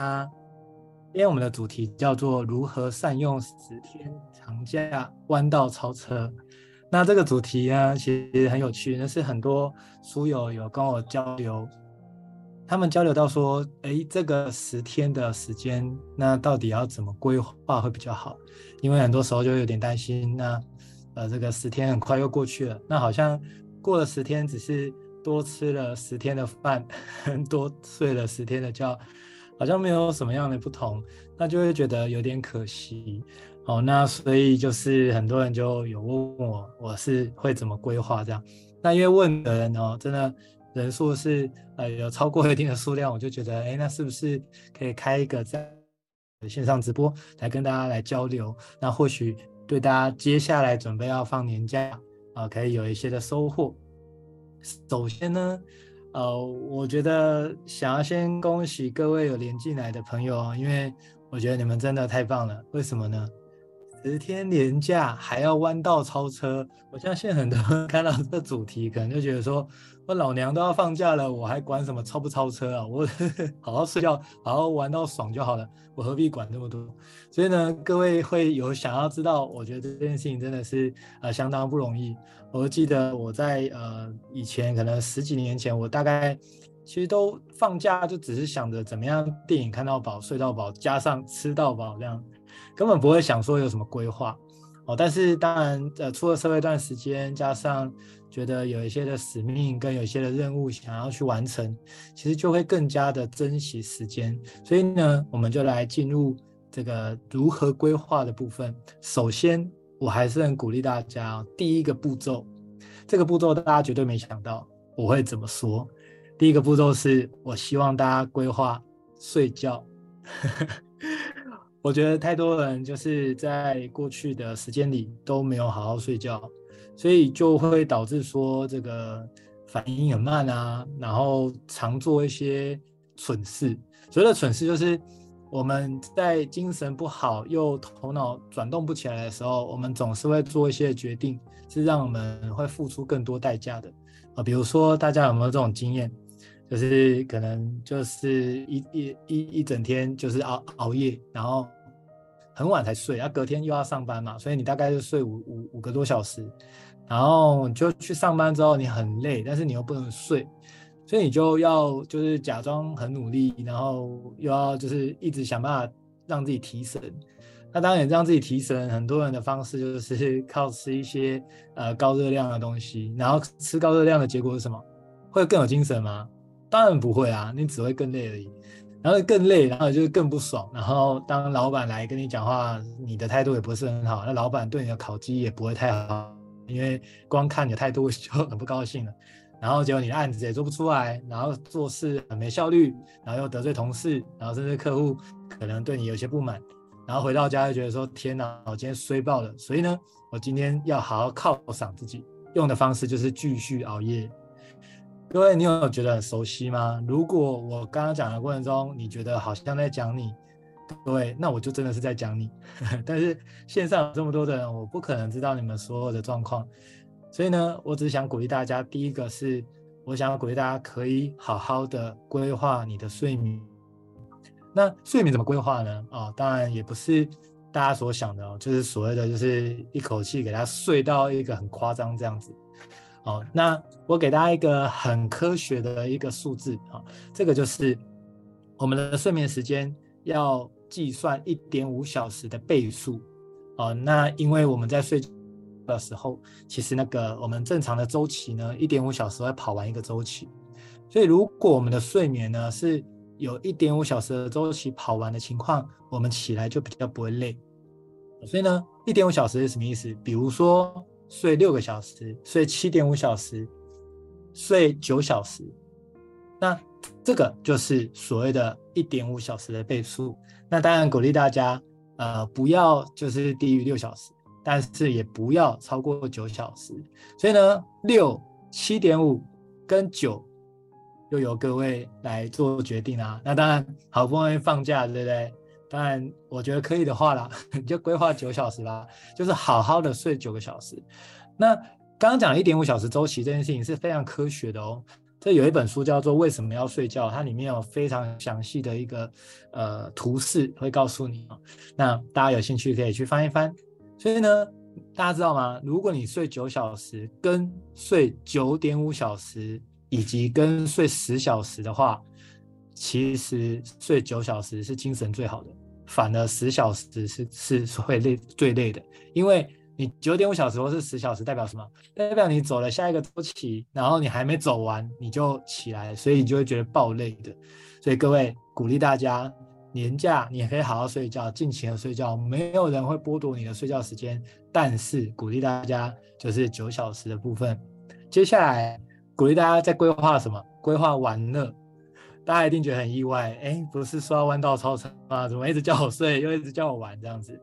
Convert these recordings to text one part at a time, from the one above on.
啊，因為我們的主題叫做如何善用十天長假彎道超車。那這個主題呢，其實很有趣，那是很多書友有跟我交流，他們交流到說，哎，這個十天的時間，那到底要怎麼規劃會比較好？因為很多時候就有點擔心，那呃，這個十天很快又過去了，那好像過了十天，只是多吃了十天的飯，多睡了十天的覺。好像沒有什麼樣的不同，那就會覺得有點可惜哦。那所以就是很多人就有問我，我是會怎麼規劃這樣？那因為問的人哦，真的人數是呃有超過一定的數量，我就覺得誒，那是不是可以開一個這樣的線上直播來跟大家來交流？那或許對大家接下來準備要放年假啊，呃，可以有一些的收穫。首先呢。呃、哦，我覺得想要先恭喜各位有連進來的朋友哦，因為我覺得你們真的太棒了。為什麼呢？十天年假還要彎道超車，我相信很多人看到這個主題，可能就覺得說：“我老娘都要放假了，我還管什麼超不超車啊？我呵呵好好睡覺，好好玩到爽就好了，我何必管那麼多？”所以呢，各位會有想要知道，我覺得這件事情真的是呃相當不容易。我記得我在呃以前可能十幾年前，我大概其實都放假就只是想着怎麼樣電影看到飽、睡到飽，加上吃到飽這樣。根本不會想說有什麼規劃哦，但是當然，呃，出了社會一段時間，加上覺得有一些的使命跟有一些的任務想要去完成，其實就會更加的珍惜時間。所以呢，我們就來進入這個如何規劃的部分。首先，我還是很鼓勵大家，第一個步驟，這個步驟大家絕對沒想到，我會怎麼說。第一個步驟是我希望大家規劃睡覺。 我覺得太多人就是在過去的時間裡都沒有好好睡覺，所以就會導致說這個反應很慢啊，然後常做一些蠢事。所謂的蠢事，就是我們在精神不好又頭腦轉動不起來的時候，我們總是會做一些決定，是讓我們會付出更多代價的啊。比如說，大家有沒有這種經驗？就是可能就是一一一一整天就是熬熬夜，然後很晚才睡，然後隔天又要上班嘛，所以你大概就睡五五五個多小時，然後就去上班之後你很累，但是你又不能睡，所以你就要就是假裝很努力，然後又要就是一直想辦法讓自己提神。那當然，讓自己提神很多人的方式就是靠吃一些呃高熱量的東西，然後吃高熱量的結果是什麼？會更有精神嗎？當然不會啊，你只會更累而已，然後更累，然後就是更不爽，然後當老板來跟你講話，你的態度也不是很好，那老板對你的考績也不會太好，因為光看你的態度就很不高興了。然後結果你的案子也做不出來，然後做事很沒效率，然後又得罪同事，然後甚至客戶可能對你有些不滿，然後回到家就覺得說天哪，我今天衰爆了，所以呢，我今天要好好犒賞自己，用的方式就是繼續熬夜。各位，你有覺得很熟悉嗎？如果我剛剛講的過程中，你覺得好像在講你，各位，那我就真的是在講你呵呵。但是線上有這麼多的人，我不可能知道你們所有的狀況，所以呢，我只想鼓勵大家。第一個是，我想要鼓勵大家可以好好的規劃你的睡眠。那睡眠怎麼規劃呢？啊、哦，當然也不是大家所想的哦，就是所謂的就是一口氣給他睡到一個很誇張這樣子。哦，那我給大家一個很科學的一個數字啊，哦，這個就是我們的睡眠時間要計算一點五小時的倍數哦，那因為我們在睡覺的時候，其實那個我們正常的週期呢，一點五小時會跑完一個週期。所以如果我們的睡眠呢是有一點五小時的週期跑完的情況，我們起來就比較不會累。所以呢，一點五小時是什麼意思？比如說。睡六個小時，睡七點五小時，睡九小時，那這個就是所謂的一點五小時的倍數。那當然鼓勵大家，呃，不要就是低於六小時，但是也不要超過九小時。所以呢，六、七點五跟九，就由各位來做決定啊。那當然，好不容易放假，對不對？當然，我覺得可以的話啦，你就規劃九小時啦，就是好好的睡九個小時。那剛剛講一點五小時週期這件事情是非常科學的哦。這有一本書叫做《為什麼要睡覺》，它裡面有非常詳細的一個呃圖示，會告訴你哦，那大家有興趣可以去翻一翻。所以呢，大家知道嗎？如果你睡九小時，跟睡九點五小時，以及跟睡十小時的話，其實睡九小時是精神最好的。反而十小時是是會累最累的，因為你九點五小時或是十小時代表什麼？代表你走了下一個周期，然後你還沒走完你就起來，所以你就會覺得爆累的。所以各位鼓勵大家，年假你可以好好睡覺，盡情的睡覺，沒有人會剝奪你的睡覺時間。但是鼓勵大家就是九小時的部分，接下來鼓勵大家在規劃什麼？規劃玩樂。大家一定覺得很意外，哎、欸，不是說要彎道超車嗎？怎麼一直叫我睡，又一直叫我玩這樣子？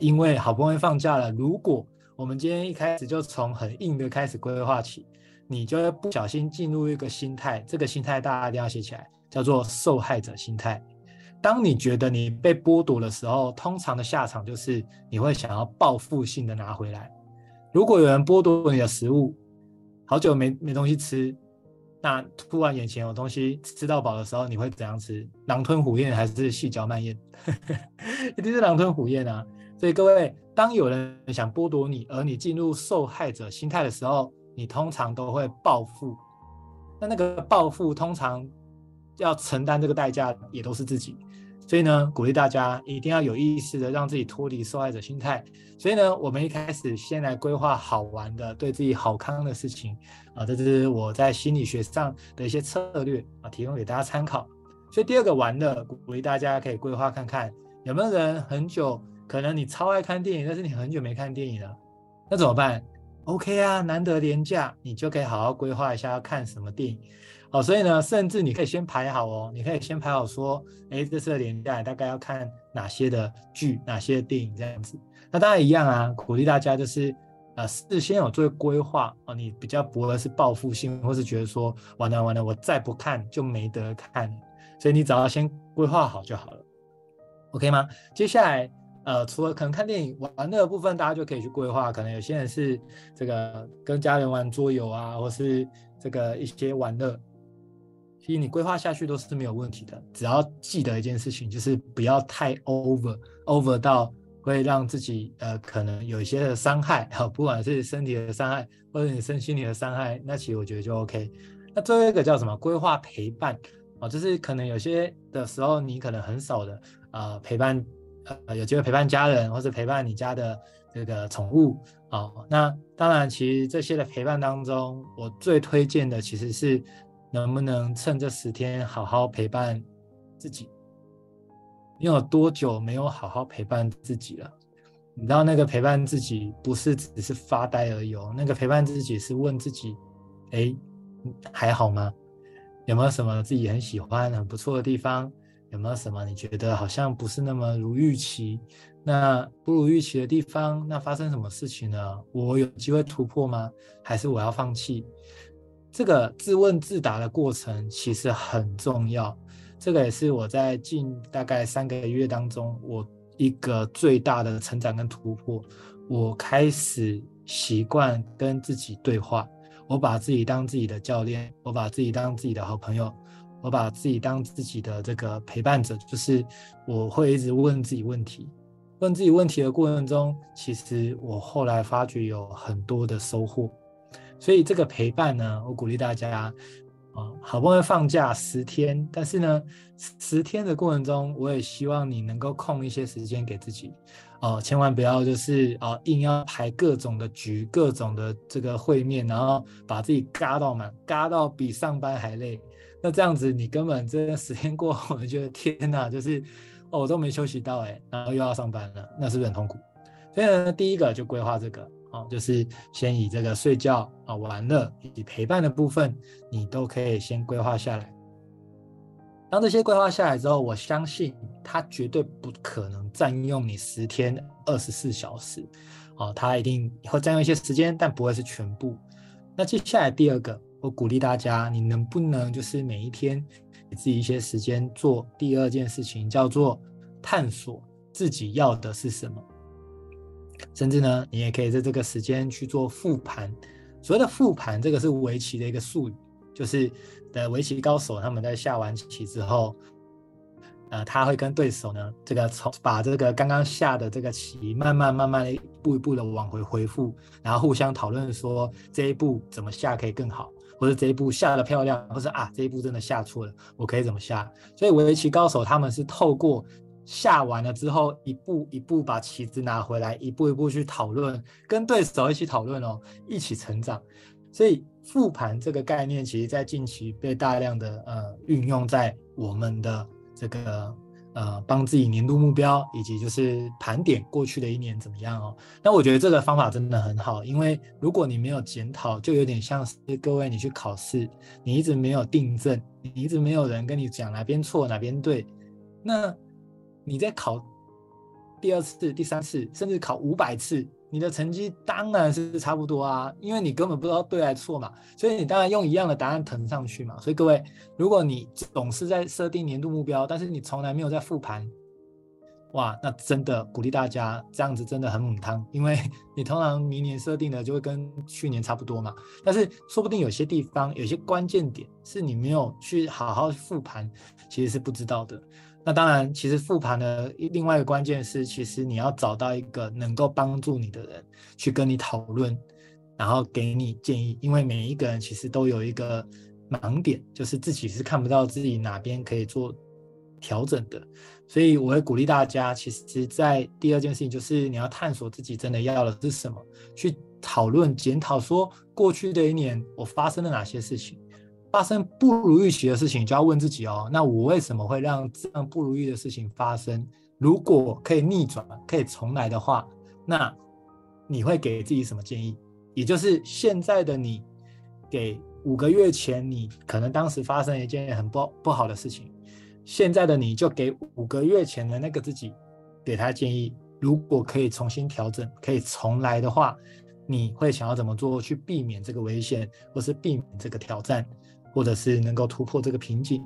因為好不容易放假了，如果我們今天一開始就從很硬的開始規劃起，你就會不小心進入一個心態。這個心態大家一定要寫起來，叫做受害者心態。當你覺得你被剝奪的時候，通常的下場就是你會想要報復性的拿回來。如果有人剝奪你的食物，好久沒沒東西吃。那突然眼前有東西吃到飽的時候，你會怎樣吃？狼吞虎咽還是細嚼慢咽？ 一定是狼吞虎咽啊！所以各位，當有人想剝奪你，而你進入受害者心態的時候，你通常都會報復。那那個報復通常要承擔這個代價，也都是自己。所以呢，鼓勵大家一定要有意識的讓自己脫離受害者心態。所以呢，我們一開始先來規劃好玩的、對自己好康的事情啊，這是我在心理學上的一些策略啊，提供給大家參考。所以第二個玩的，鼓勵大家可以規劃看看有沒有人很久，可能你超愛看電影，但是你很久沒看電影了，那怎麼辦？OK 啊，難得連假，你就可以好好規劃一下要看什麼電影。好、哦，所以呢，甚至你可以先排好哦，你可以先排好說，哎、欸，這次的連假大概要看哪些的劇、哪些電影這樣子。那大家一樣啊，鼓勵大家就是，呃，事先有做規劃哦。你比較不會是報復性，或是覺得說，完了完了，我再不看就沒得看，所以你只要先規劃好就好了，OK 嗎？接下來，呃，除了可能看電影玩樂的部分，大家就可以去規劃。可能有些人是這個跟家人玩桌遊啊，或是這個一些玩樂。你規劃下去都是沒有問題的，只要記得一件事情，就是不要太 over over 到會讓自己呃可能有一些的傷害哈、哦，不管是身體的傷害或者你身心靈的傷害，那其實我覺得就 OK。那最後一個叫什麼？規劃陪伴啊、哦，就是可能有些的時候你可能很少的呃陪伴，呃、有機會陪伴家人或者陪伴你家的這個寵物啊、哦。那當然，其實這些的陪伴當中，我最推薦的其實是，能不能趁這十天好好陪伴自己？你有多久沒有好好陪伴自己了？你知道那個陪伴自己不是只是發呆而已哦，那個陪伴自己是問自己：哎，還好嗎？有沒有什麼自己很喜歡、很不錯的地方？有沒有什麼你覺得好像不是那麼如預期？那不如預期的地方，那發生什麼事情呢？我有機會突破嗎？還是我要放棄？這個自問自答的過程其實很重要，這個也是我在近大概三個月當中，我一個最大的成長跟突破。我開始習慣跟自己對話，我把自己當自己的教練，我把自己當自己的好朋友，我把自己當自己的這個陪伴者。就是我會一直問自己問題，問自己問題的過程中，其實我後來發覺有很多的收穫。所以這個陪伴呢，我鼓勵大家啊、哦，好不容易放假十天，但是呢，十天的過程中，我也希望你能夠空一些時間給自己哦，千萬不要就是啊、哦，硬要排各種的局、各種的這個會面，然後把自己嘎到滿，嘎到比上班還累。那這樣子，你根本真的十天過後，你覺得天哪，就是哦，我都沒休息到哎，然後又要上班了，那是不是很痛苦？所以呢，第一個就規劃這個。哦，就是先以這個睡覺、啊、哦、玩樂以及陪伴的部分，你都可以先規劃下來。當這些規劃下來之後，我相信它絕對不可能佔用你十天二十四小時，哦，它一定會佔用一些時間，但不會是全部。那接下來第二個，我鼓勵大家，你能不能就是每一天給自己一些時間，做第二件事情，叫做探索自己要的是什麼。甚至呢，你也可以在這個時間去做復盤。所謂的復盤，這個是圍棋的一個術語，就是呃，圍棋高手他們在下完棋之後，呃，他會跟對手呢，這個從把這個剛剛下的這個棋，慢慢慢慢一步一步的往回恢復，然後互相討論說這一步怎麼下可以更好，或者這一步下得漂亮，或是啊，這一步真的下錯了，我可以怎麼下。所以圍棋高手他們是透過。下完了之後，一步一步把棋子拿回來，一步一步去討論，跟對手一起討論哦，一起成長。所以復盤這個概念，其實在近期被大量的呃運用在我們的這個呃幫自己年度目標，以及就是盤點過去的一年怎麼樣哦。那我覺得這個方法真的很好，因為如果你沒有檢討，就有點像是各位你去考試，你一直沒有訂正，你一直沒有人跟你講哪邊錯哪邊對，那。你在考第二次、第三次，甚至考五百次，你的成績當然是差不多啊，因為你根本不知道對還是錯嘛，所以你當然用一樣的答案填上去嘛。所以各位，如果你總是在設定年度目標，但是你從來沒有在復盤，哇，那真的鼓勵大家，這樣子真的很猛湯，因為你通常明年設定的就會跟去年差不多嘛，但是說不定有些地方、有些關鍵點是你沒有去好好復盤，其實是不知道的。那當然，其實復盤的另外一個關鍵是，其實你要找到一個能夠幫助你的人去跟你討論，然後給你建議。因為每一個人其實都有一個盲點，就是自己是看不到自己哪邊可以做調整的。所以我會鼓勵大家，其實，在第二件事情就是你要探索自己真的要的是什麼，去討論、檢討，說過去的一年我發生了哪些事情。發生不如預期的事情，就要問自己哦，那我為什麼會讓這樣不如意的事情發生？如果可以逆轉、可以重來的話，那你會給自己什麼建議？也就是現在的你給五個月前，你可能當時發生一件很不不好的事情，現在的你就給五個月前的那個自己給他建議，如果可以重新調整、可以重來的話，你會想要怎麼做去避免這個危險，或是避免這個挑戰？或者是能夠突破這個瓶頸，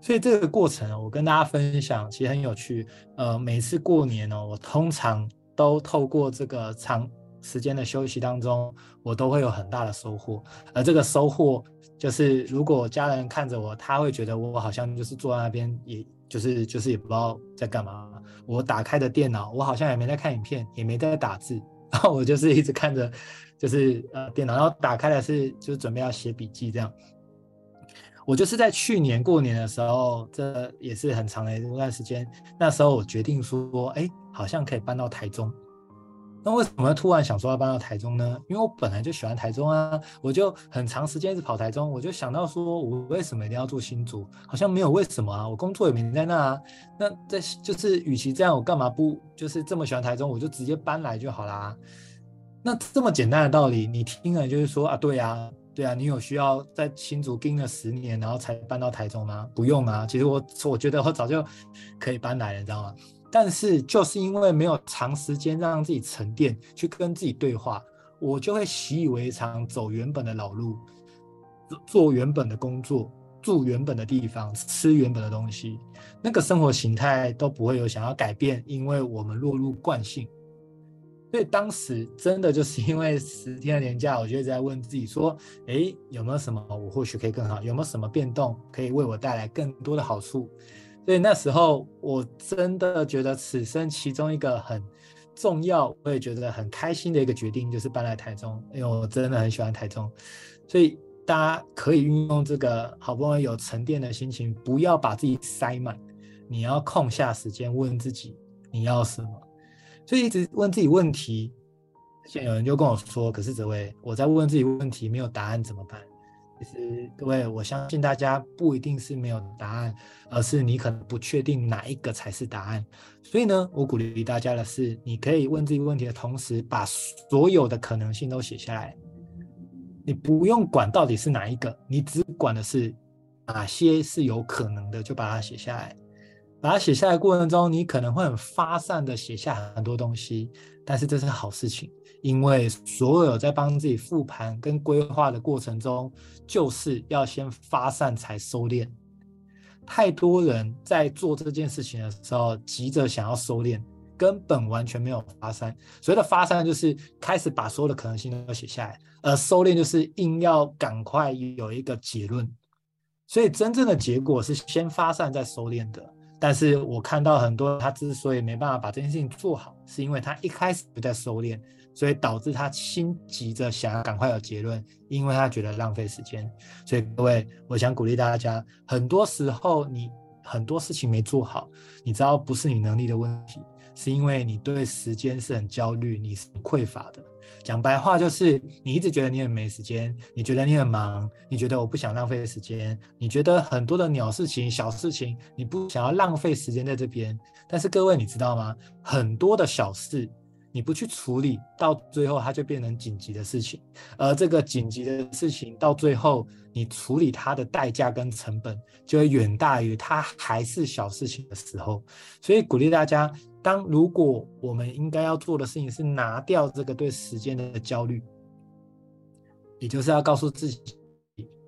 所以這個過程我跟大家分享其實很有趣。呃，每次過年呢，我通常都透過這個長時間的休息當中，我都會有很大的收穫。而這個收穫就是，如果家人看着我，他會覺得我好像就是坐在那邊，也就是就是也不知道在幹嘛。我打開的電腦，我好像也沒在看影片，也沒在打字，然後我就是一直看着，就是呃電腦，然後打開的是就是準備要寫筆記這樣。我就是在去年過年的時候，這也是很長的一段時間。那時候我決定說，哎，好像可以搬到台中。那為什麼突然想說要搬到台中呢？因為我本來就喜歡台中啊，我就很長時間一直跑台中。我就想到說，我為什麼一定要住新竹？好像沒有為什麼啊，我工作也沒在那啊。那在就是，與其這樣，我幹嘛不就是這麼喜歡台中？我就直接搬來就好啦。那這麼簡單的道理，你聽了就是說啊，對呀、啊。對啊，你有需要在新竹盯了十年，然後才搬到台中嗎？不用啊，其實我我覺得我早就可以搬來了，你知道嗎？但是就是因為沒有長時間讓自己沉澱，去跟自己對話，我就會習以為常，走原本的老路，做原本的工作，住原本的地方，吃原本的東西，那個生活形態都不會有想要改變，因為我們落入慣性。所以當時真的就是因為十天的年假，我就一直在問自己說，誒、欸，有沒有什麼我或許可以更好？有沒有什麼變動可以為我帶來更多的好處？所以那時候我真的覺得此生其中一個很重要，我也覺得很開心的一個決定就是搬來台中，因為我真的很喜歡台中。所以大家可以運用這個好不容易有沉澱的心情，不要把自己塞滿，你要空下時間問自己，你要什麼？所以一直問自己問題，現有人就跟我說：“可是，哲維，我在問自己問題，沒有答案怎麼辦？”其實，各位，我相信大家不一定是沒有答案，而是你可能不確定哪一個才是答案。所以呢，我鼓勵大家的是，你可以問自己問題的同時，把所有的可能性都寫下來。你不用管到底是哪一個，你只管的是哪些是有可能的，就把它寫下來。把它寫下來的過程中，你可能會很發散的寫下很多東西，但是這是好事情，因為所有在幫自己復盤跟規劃的過程中，就是要先發散才收斂。太多人在做這件事情的時候，急着想要收斂，根本完全沒有發散。所謂的發散就是開始把所有的可能性都寫下來，而收斂就是硬要趕快有一個結論。所以真正的結果是先發散再收斂的。但是我看到很多他之所以沒辦法把這件事情做好，是因為他一開始就在收斂，所以導致他心急着想要趕快有結論，因為他覺得浪費時間。所以各位，我想鼓勵大家，很多時候你很多事情沒做好，你知道不是你能力的問題，是因為你對時間是很焦慮，你是匱乏的。講白話就是，你一直覺得你很沒時間，你覺得你很忙，你覺得我不想浪費時間，你覺得很多的鳥事情、小事情，你不想要浪費時間在這邊。但是各位，你知道嗎？很多的小事。你不去處理，到最後它就變成緊急的事情，而這個緊急的事情到最後你處理它的代價跟成本，就會遠大於它還是小事情的時候。所以鼓勵大家，當如果我們應該要做的事情是拿掉這個對時間的焦慮，也就是要告訴自己，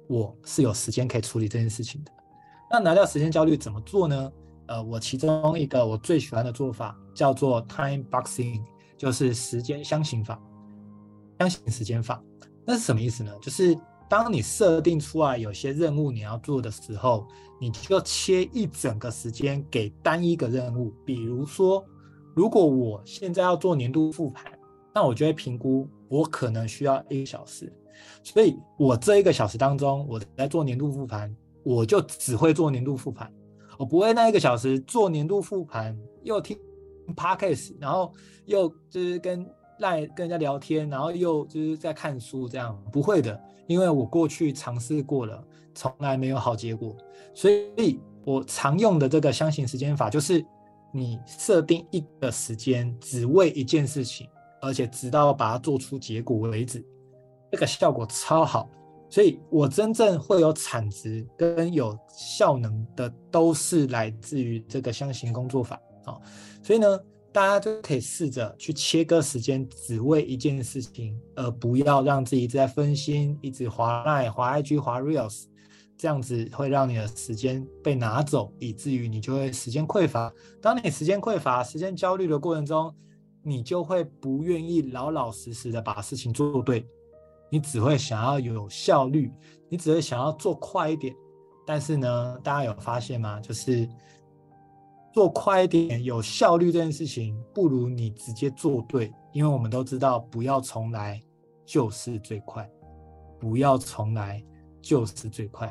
我是有時間可以處理這件事情的。那拿掉時間焦慮怎麼做呢？呃，我其中一個我最喜歡的做法叫做 Time Boxing。就是時間相行法，相行時間法，那是什麼意思呢？就是當你設定出來有些任務你要做的時候，你就切一整個時間給單一個任務。比如說，如果我現在要做年度復盤，那我就會評估我可能需要一個小時，所以我這一個小時當中，我在做年度復盤，我就只會做年度復盤，我不會那一個小時做年度復盤又聽。p a 然後又就是跟賴跟人家聊天，然後又就是在看書，這樣不會的，因為我過去嘗試過了，從來沒有好結果。所以我常用的這個香型時間法，就是你設定一個時間，只為一件事情，而且直到把它做出結果為止，這個效果超好。所以我真正會有產值跟有效能的，都是來自於這個香型工作法。哦，所以呢，大家就可以試着去切割時間，只為一件事情，而不要讓自己一直在分心，一直滑賴、滑 IG、滑 Reels，這樣子會讓你的時間被拿走，以至於你就會時間匱乏。當你時間匱乏、時間焦慮的過程中，你就會不願意老老實實的把事情做對，你只會想要有效率，你只會想要做快一點。但是呢，大家有發現嗎？就是，做快一點，有效率這件事情，不如你直接做對，因為我們都知道，不要重來就是最快，不要重來就是最快。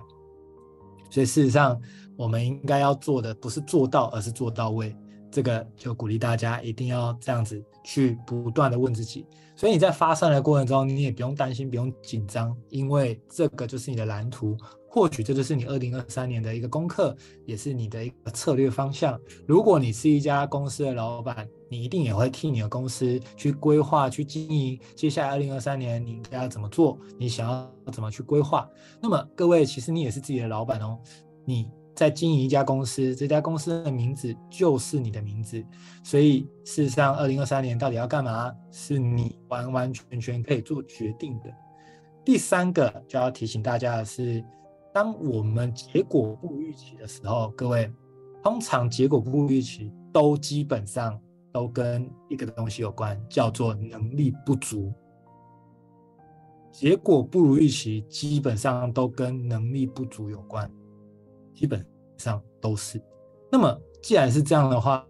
所以事實上，我們應該要做的不是做到，而是做到位。這個就鼓勵大家一定要這樣子去不斷地問自己，所以你在發散的過程中，你也不用擔心，不用緊張，因為這個就是你的藍圖，或許這就是你二零二三年的一個功課，也是你的一個策略方向。如果你是一家公司的老闆，你一定也會替你的公司去規劃、去經營，接下來二零二三年你應該要怎麼做，你想要怎麼去規劃？那麼各位，其實你也是自己的老闆哦，你。在經營一家公司，這家公司的名字就是你的名字。所以，事實上，二零二三年到底要幹嘛，是你完完全全可以做決定的。第三個就要提醒大家的是，當我們結果不如預期的時候，各位通常結果不如預期都基本上都跟一個東西有關，叫做能力不足。結果不如預期，基本上都跟能力不足有關。基本上都是。那麼，既然是這樣的話，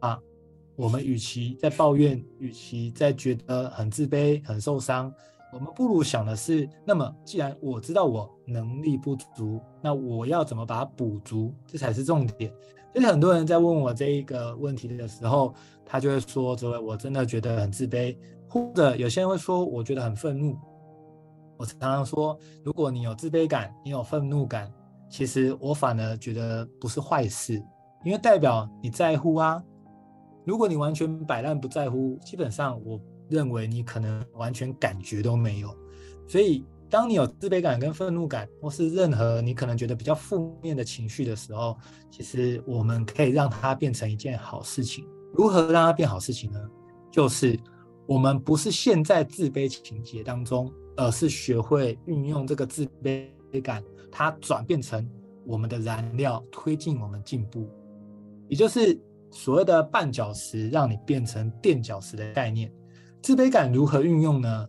我們與其在抱怨，與其在覺得很自卑、很受傷，我們不如想的是：那麼，既然我知道我能力不足，那我要怎麼把它補足？這才是重點。就是很多人在問我這一個問題的時候，他就會說：“哲維，我真的覺得很自卑。”或者有些人會說：“我覺得很憤怒。”我常常說，如果你有自卑感，你有憤怒感。其實我反而覺得不是壞事，因為代表你在乎啊。如果你完全擺爛不在乎，基本上我認為你可能完全感覺都沒有。所以，當你有自卑感跟憤怒感，或是任何你可能覺得比較負面的情緒的時候，其實我們可以讓它變成一件好事情。如何讓它變好事情呢？就是我們不是陷在自卑情結當中，而是學會運用這個自卑感。它轉變成我們的燃料，推進我們進步，也就是所謂的絆腳石，讓你變成墊腳石的概念。自卑感如何運用呢？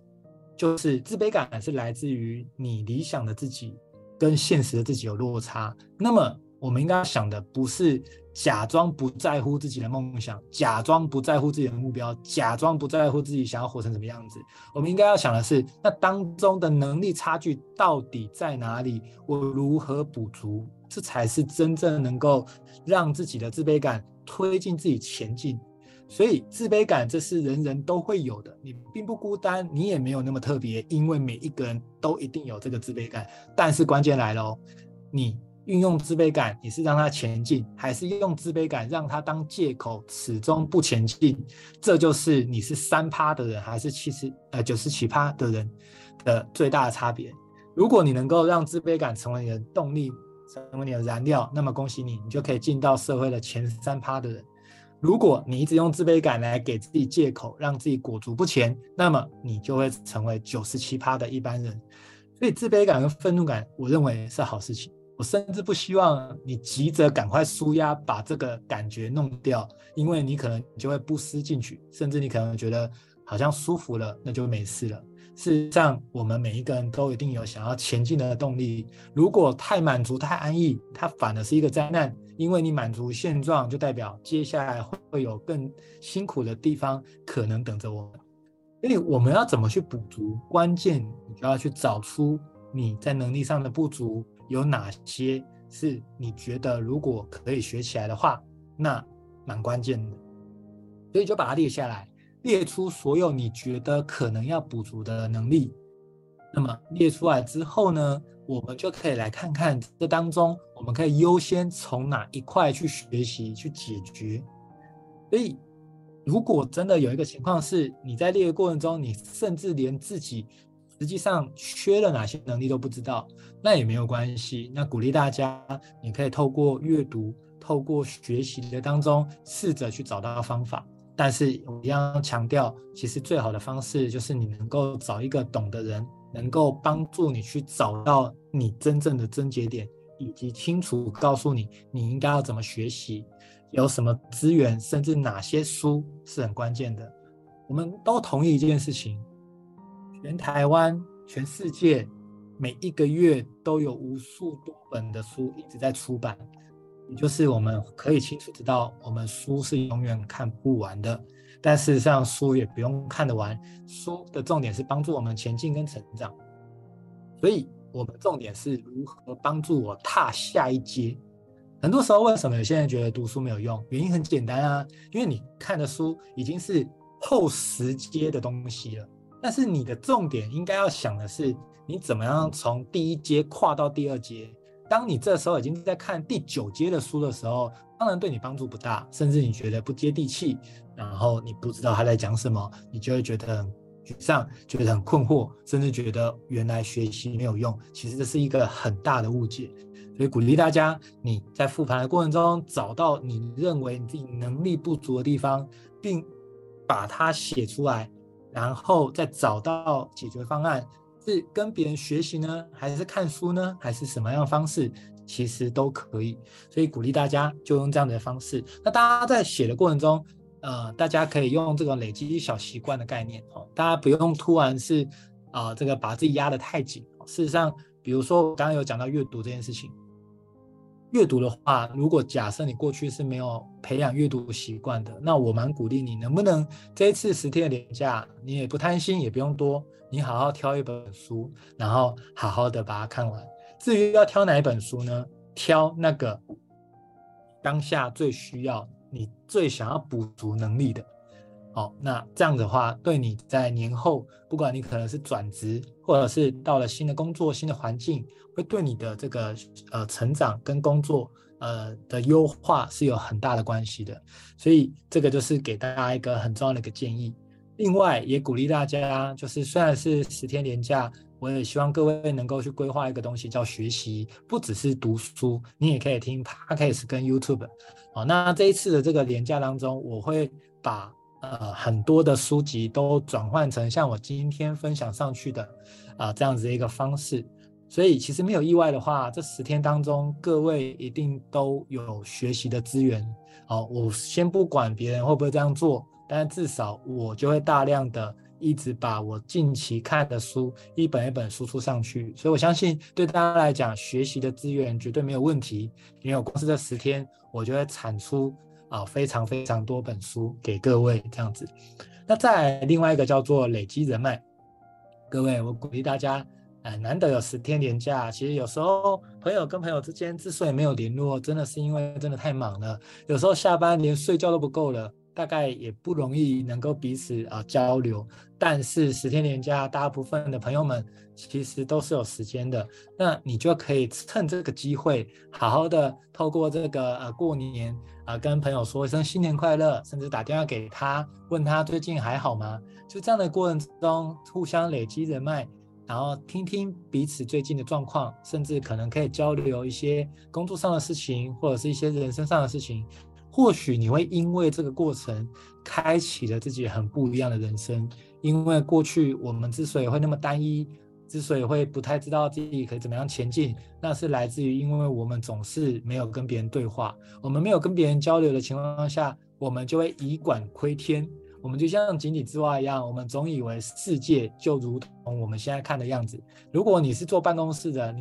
就是自卑感是來自於你理想的自己跟現實的自己有落差。那麼我們應該想的不是。假裝不在乎自己的夢想，假裝不在乎自己的目標，假裝不在乎自己想要活成什麼樣子。我們應該要想的是，那當中的能力差距到底在哪裡？我如何補足？這才是真正能夠讓自己的自卑感推進自己前進。所以，自卑感這是人人都會有的，你並不孤單，你也沒有那麼特別，因為每一個人都一定有這個自卑感。但是關鍵來嘍，你，運用自卑感，你是讓他前進，還是運用自卑感讓他當借口，始終不前進？這就是你是三趴的人，還是七十呃，九十七趴的人的最大的差別。如果你能夠讓自卑感成為你的動力，成為你的燃料，那麼恭喜你，你就可以進到社會的前三趴的人。如果你一直用自卑感來給自己借口，讓自己裹足不前，那麼你就會成為九十七趴的一般人。所以，自卑感和憤怒感，我認為是好事情。我甚至不希望你急着趕快舒壓，把這個感覺弄掉，因為你可能就會不思進取，甚至你可能覺得好像舒服了，那就沒事了。事實上，我們每一個人都一定有想要前進的動力。如果太滿足、太安逸，它反而是一個災難，因為你滿足現狀，就代表接下來會有更辛苦的地方可能等着我們。所以我們要怎麼去補足？關鍵你就要去找出你在能力上的不足，有哪些是你覺得如果可以學起來的話，那蠻關鍵的，所以就把它列下來，列出所有你覺得可能要補足的能力。那麼列出來之後呢，我們就可以來看看這當中我們可以優先從哪一塊去學習去解決。所以，如果真的有一個情況是你在列的過程中，你甚至連自己……實際上缺了哪些能力都不知道，那也沒有關係。那鼓勵大家，你可以透過閱讀、透過學習的當中，試着去找到方法。但是我要強調，其實最好的方式就是你能夠找一個懂的人，能夠幫助你去找到你真正的症結點，以及清楚告訴你你應該要怎麼學習，有什麼資源，甚至哪些書是很關鍵的。我們都同意這件事情。全台灣、全世界，每一個月都有無數多本的書一直在出版，也就是我們可以清楚知道，我們書是永遠看不完的。但事實上，書也不用看得完。書的重點是幫助我們前進跟成長，所以我們重點是如何幫助我踏下一階。很多時候為什麼有些人覺得讀書沒有用，原因很簡單啊，因為你看的書已經是後十階的東西了。但是你的重點應該要想的是，你怎麼樣從第一階跨到第二階？當你這時候已經在看第九階的書的時候，當然對你幫助不大，甚至你覺得不接地氣，然後你不知道他在講什麼，你就會覺得很沮喪，覺得很困惑，甚至覺得原來學習沒有用。其實這是一個很大的誤解，所以鼓勵大家，你在復盤的過程中，找到你認為你自己能力不足的地方，並把它寫出來。然後再找到解決方案，是跟別人學習呢，還是看書呢，還是什麼樣的方式，其實都可以。所以鼓勵大家就用這樣的方式。那大家在寫的過程中，呃，大家可以用這種累積小習慣的概念哦，大家不用突然是啊，呃、這個把自己壓得太緊哦。事實上，比如說我剛剛有講到閱讀這件事情。閱讀的話，如果假設你過去是沒有培養閱讀習慣的，那我蠻鼓勵你，你能不能這一次十天的連假，你也不貪心，也不用多，你好好挑一本書，然後好好的把它看完。至於要挑哪一本書呢？挑那個當下最需要、你最想要補足能力的。好、哦，那這樣的話，對你在年後，不管你可能是轉職，或者是到了新的工作、新的環境，會對你的這個呃成長跟工作呃的優化是有很大的關係的。所以這個就是給大家一個很重要的一個建議。另外也鼓勵大家，就是雖然是十天連假，我也希望各位能夠去規劃一個東西叫學習，不只是讀書，你也可以聽 Podcast 跟 YouTube。好、哦，那這一次的這個連假當中，我會把。呃，很多的書籍都轉換成像我今天分享上去的，啊、呃、這樣子的一個方式，所以其實沒有意外的話，這十天當中各位一定都有學習的資源。好、呃，我先不管別人會不會這樣做，但至少我就會大量的一直把我近期看的書一本一本輸出上去，所以我相信對大家來講，學習的資源絕對沒有問題。因為我公司這十天，我就會產出。啊，非常非常多本書給各位這樣子，那再來另外一個叫做累積人脈，各位我鼓勵大家，哎，難得有十天年假，其實有時候朋友跟朋友之間之所以沒有聯絡，真的是因為真的太忙了，有時候下班連睡覺都不夠了。大概也不容易能夠彼此啊交流，但是十天年假，大部分的朋友們其實都是有時間的，那你就可以趁這個機會，好好的透過這個呃、啊、過年啊，跟朋友說一聲新年快樂，甚至打電話給他，問他最近還好嗎？就這樣的過程中，互相累積人脈，然後聽聽彼此最近的狀況，甚至可能可以交流一些工作上的事情，或者是一些人生上的事情。或許你會因為這個過程，開啟了自己很不一樣的人生。因為過去我們之所以會那麼單一，之所以會不太知道自己可以怎麼樣前進，那是來自於因為我們總是沒有跟別人對話，我們沒有跟別人交流的情況下，我們就會以管窺天，我們就像井底之蛙一樣，我們總以為世界就如同我們現在看的樣子。如果你是坐辦公室的，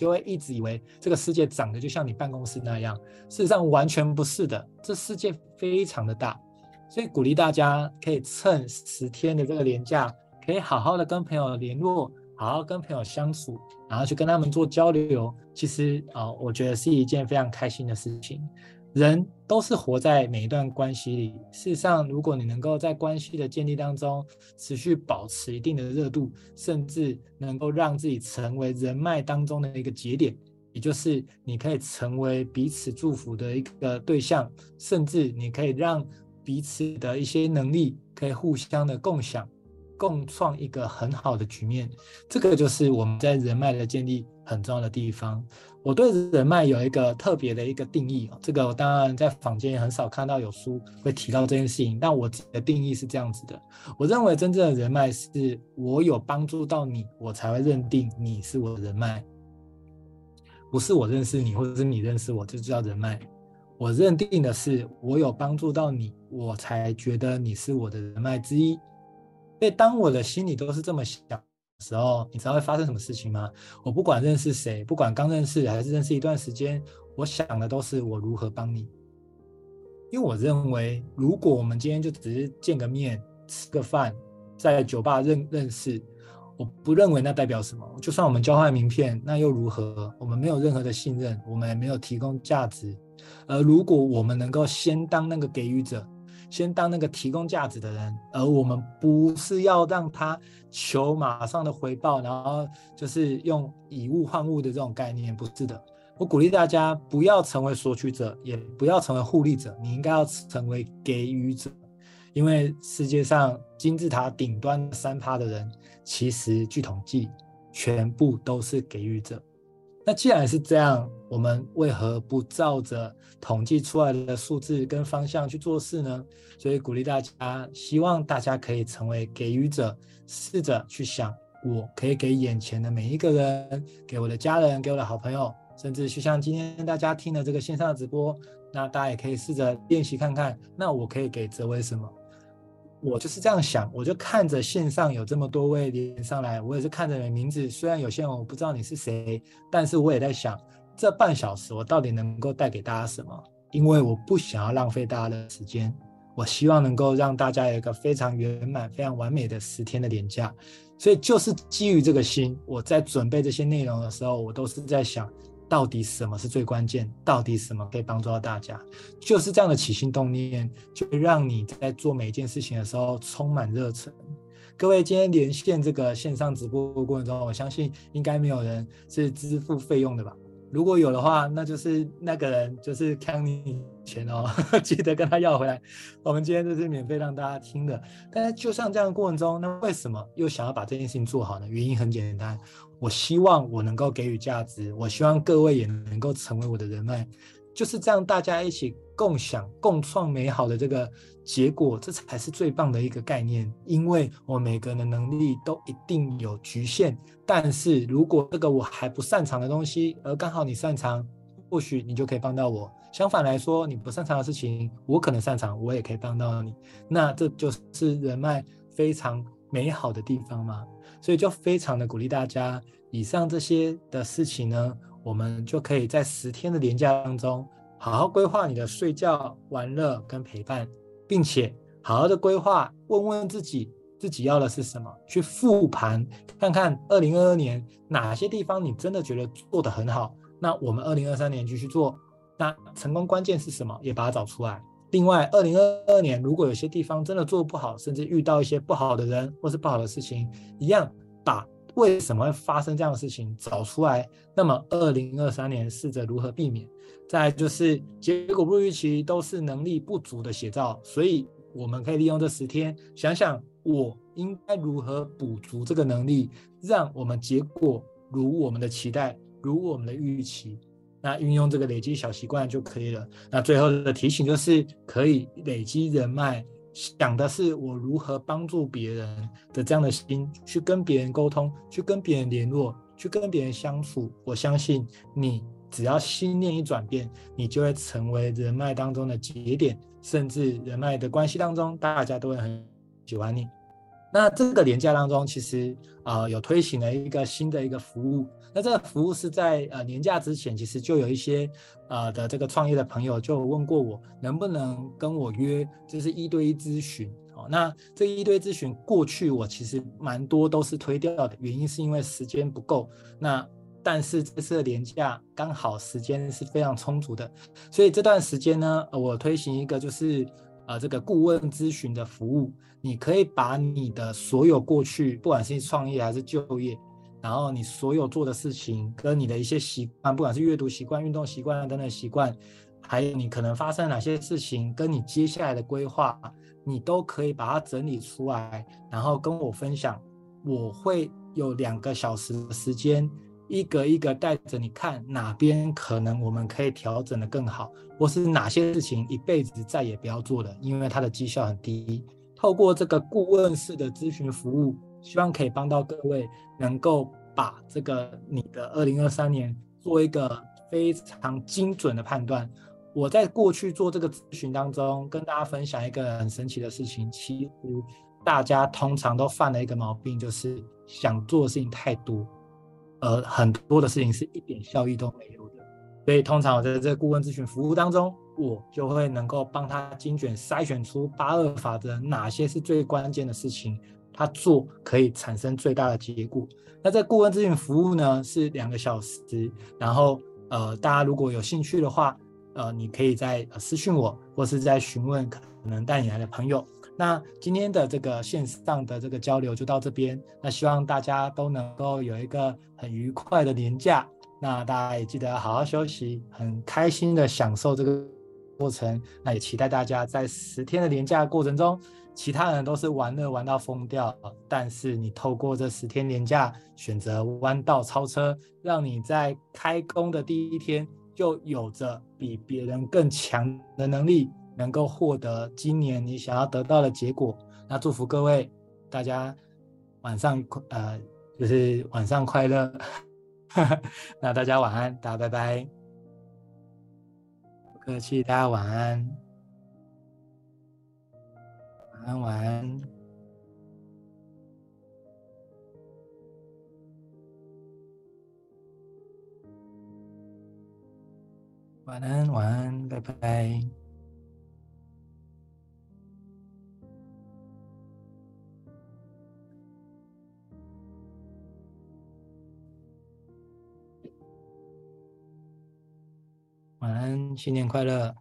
就會一直以為這個世界長得就像你辦公室那樣，事實上完全不是的。這世界非常的大，所以鼓勵大家可以趁十天的這個年假，可以好好的跟朋友聯絡，好好跟朋友相處，然後去跟他們做交流。其實啊、呃，我覺得是一件非常開心的事情。人都是活在每一段關係裡。事實上，如果你能夠在關係的建立當中持續保持一定的熱度，甚至能夠讓自己成為人脈當中的一個節點，也就是你可以成為彼此祝福的一個對象，甚至你可以讓彼此的一些能力可以互相的共享。共創一個很好的局面，這個就是我們在人脈的建立很重要的地方。我對人脈有一個特別的一個定義，這個我當然在坊間也很少看到有書會提到這件事情。但我自己的定義是這樣子的：我認為真正的人脈是我有幫助到你，我才會認定你是我的人脈，不是我認識你或者是你認識我就叫人脈。我認定的是我有幫助到你，我才覺得你是我的人脈之一。所以，當我的心裡都是這麼想的時候，你知道會發生什麼事情嗎？我不管認識誰，不管剛認識還是認識一段時間，我想的都是我如何幫你。因為我認為，如果我們今天就只是見個面、吃個飯，在酒吧認認識，我不認為那代表什麼。就算我們交換名片，那又如何？我們沒有任何的信任，我們也沒有提供價值。而如果我們能夠先當那個給予者，先當那個提供價值的人，而我們不是要讓他求馬上的回報，然後就是用以物換物的這種概念，不是的。我鼓勵大家不要成為索取者，也不要成為互利者，你應該要成為給予者，因為世界上金字塔頂端三趴的人，其實據統計全部都是給予者。那既然是這樣，我們為何不照着統計出來的數字跟方向去做事呢？所以鼓勵大家，希望大家可以成為給予者，試着去想，我可以給眼前的每一個人，給我的家人，給我的好朋友，甚至就像今天大家聽的這個線上直播，那大家也可以試着練習看看，那我可以給哲維什麼？我就是這樣想，我就看着線上有這麼多位連上來，我也是看着你的名字。雖然有些人我不知道你是誰，但是我也在想，這半小時我到底能夠帶給大家什麼？因為我不想要浪費大家的時間，我希望能夠讓大家有一個非常圓滿、非常完美的十天的年假。所以就是基於這個心，我在準備這些內容的時候，我都是在想。到底什麼是最關鍵？到底什麼可以幫助到大家？就是這樣的起心動念，就讓你在做每一件事情的時候充滿熱忱。各位今天連線這個線上直播的過程中，我相信應該沒有人是支付費用的吧？如果有的話，那就是那個人就是坑你錢哦，記得跟他要回來。我們今天都是免費讓大家聽的。但是就像這樣的過程中，那為什麼又想要把這件事情做好呢？原因很簡單。我希望我能夠給予價值，我希望各位也能夠成為我的人脈，就是這樣，大家一起共享、共創美好的這個結果，這才是最棒的一個概念。因為我每個人的能力都一定有局限，但是如果這個我還不擅長的東西，而剛好你擅長，或許你就可以幫到我。相反來說，你不擅長的事情，我可能擅長，我也可以幫到你。那這就是人脈非常美好的地方嘛，所以就非常的鼓勵大家。以上這些的事情呢，我們就可以在十天的年假當中，好好規劃你的睡覺、玩樂跟陪伴，並且好好的規劃，問問自己，自己要的是什麼？去復盤，看看二零二二年哪些地方你真的覺得做得很好，那我們二零二三年繼續做。那成功關鍵是什麼？也把它找出來。另外，二零二二年如果有些地方真的做不好，甚至遇到一些不好的人或是不好的事情，一樣把為什麼會發生這樣的事情找出來。那麼，二零二三年試着如何避免。再來就是結果不如預期，都是能力不足的寫照。所以，我們可以利用這十天，想想我應該如何補足這個能力，讓我們結果如我們的期待，如我們的預期。那運用這個累積小習慣就可以了。那最後的提醒就是，可以累積人脈，想的是我如何幫助別人的這樣的心，去跟別人溝通，去跟別人聯絡，去跟別人相處。我相信你只要心念一轉變，你就會成為人脈當中的節點，甚至人脈的關係當中，大家都會很喜歡你。那這個年假當中，其實啊、呃、有推行了一個新的一個服務。那這個服務是在呃年假之前，其實就有一些呃的這個創業的朋友就問過我，能不能跟我約，就是一對一諮詢、哦。那這一對一諮詢過去我其實蠻多都是推掉的，原因是因為時間不夠。那但是這次的年假剛好時間是非常充足的，所以這段時間呢，我推行一個就是。呃，這個顧問諮詢的服務，你可以把你的所有過去，不管是創業還是就業，然後你所有做的事情，跟你的一些習慣，不管是閱讀習慣、運動習慣啊等等習慣，還有你可能發生哪些事情，跟你接下來的規劃，你都可以把它整理出來，然後跟我分享。我會有兩個小時的時間。一個一個帶着你看哪邊可能我們可以調整得更好，或是哪些事情一輩子再也不要做了，因為它的績效很低。透過這個顧問式的諮詢服務，希望可以幫到各位，能夠把這個你的二零二三年做一個非常精準的判斷。我在過去做這個諮詢當中，跟大家分享一個很神奇的事情，其實大家通常都犯了一個毛病，就是想做的事情太多。呃，很多的事情是一點效益都沒有的，所以通常我在這個顧問諮詢服務當中，我就會能夠幫他精準篩選出八二法則哪些是最關鍵的事情，他做可以產生最大的結果。那這顧問諮詢服務呢，是兩個小時。然後呃，大家如果有興趣的話，呃，你可以再私訊我，或是再詢問可能帶你來的朋友。那今天的這個線上的這個交流就到這邊。那希望大家都能夠有一個很愉快的年假。那大家也記得好好休息，很開心的享受這個過程。那也期待大家在十天的年假過程中，其他人都是玩樂玩到瘋掉，但是你透過這十天年假選擇彎道超車，讓你在開工的第一天就有着比別人更強的能力。能夠獲得今年你想要得到的結果，那祝福各位，大家晚上快呃，就是晚上快樂。 那大家晚安，大家拜拜。不客氣，大家晚安。晚安，晚安。晚安，晚安，拜拜。晚安，新年快樂。